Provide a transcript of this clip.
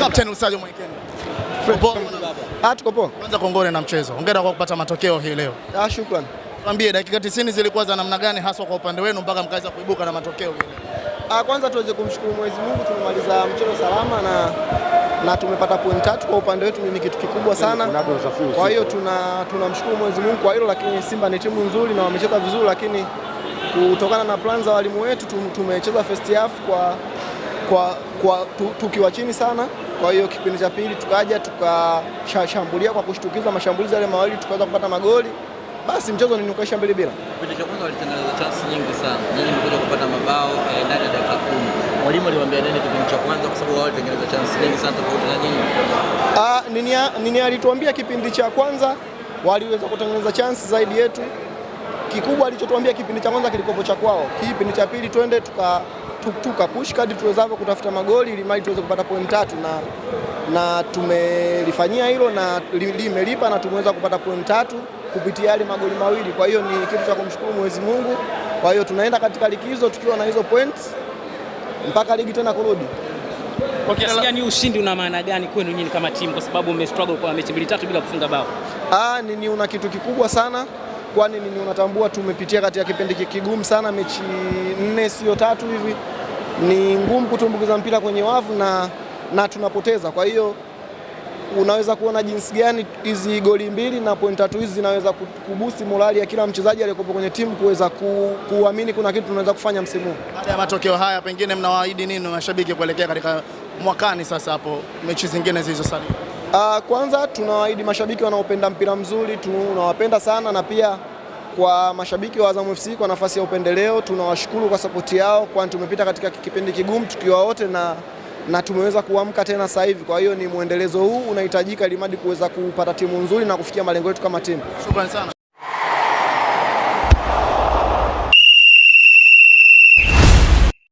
Captain Lusajo Mwaikenda. Ah, tuko poa. Kwanza kongole na mchezo. Hongera kwa kupata matokeo hii leo. Ah, shukrani. Tuambie dakika 90 zilikuwa za namna gani haswa kwa upande wenu mpaka mkaweza kuibuka na matokeo hii leo? Ah, kwanza tuweze kumshukuru Mwenyezi Mungu tumemaliza mchezo salama na na tumepata point tatu kwa upande wetu ni kitu kikubwa sana. Kwa hiyo tuna tunamshukuru Mwenyezi Mungu kwa hilo, lakini Simba ni timu nzuri na wamecheza vizuri, lakini kutokana na plan za walimu wetu tumecheza first half kwa, kwa, kwa tukiwa chini sana kwa hiyo kipindi cha pili tukaja tukashambulia kwa kushtukiza, mashambulizi yale mawili tukaweza kupata magoli, basi mchezo nikaisha mbili bila. Kipindi cha kwanza walitengeneza chansi nyingi sana, nyinyi mlikuja kupata mabao eh, ndani ya dakika kumi. Mwalimu aliwaambia nini kipindi cha kwanza, kwa sababu wao walitengeneza chansi nyingi sana tofauti na nyinyi? Ah, nini alituambia kipindi cha kwanza, waliweza kutengeneza chansi zaidi yetu kikubwa alichotuambia kipindi cha kwanza kilikopo cha kwao, kipindi cha pili twende tuka tuka push kadri tuwezavyo kutafuta magoli ili mali tuweze kupata point tatu na, na tumelifanyia hilo na limelipa li na tumeweza kupata point tatu kupitia yale magoli mawili. Kwa hiyo ni kitu cha kumshukuru Mwenyezi Mungu. Kwa hiyo tunaenda katika likizo tukiwa na hizo points mpaka ligi tena kurudi. Kwa kiasi gani ushindi una maana gani kwenu nyinyi kama timu, kwa sababu mmestruggle kwa mechi mbili tatu bila kufunga bao? Ah, ni, ni una kitu kikubwa sana kwani nini, unatambua tumepitia katika kipindi kigumu sana, mechi nne sio tatu hivi, ni ngumu kutumbukiza mpira kwenye wavu na, na tunapoteza. Kwa hiyo unaweza kuona jinsi gani hizi goli mbili na pointi tatu hizi zinaweza kubusi morali ya kila mchezaji aliyekopo kwenye timu kuweza ku, kuamini kuna kitu tunaweza kufanya msimu huu. Baada ya matokeo haya, pengine mnawaahidi nini mashabiki kuelekea katika mwakani sasa, hapo mechi zingine zilizosalia? Uh, kwanza tunawaahidi mashabiki wanaopenda mpira mzuri, tunawapenda sana na pia kwa mashabiki wa Azam FC kwa nafasi ya upendeleo tunawashukuru kwa sapoti yao, kwani tumepita katika kipindi kigumu tukiwa wote na, na tumeweza kuamka tena sasa hivi. Kwa hiyo ni mwendelezo huu unahitajika, limadi kuweza kupata timu nzuri na kufikia malengo yetu kama timu. Shukrani sana.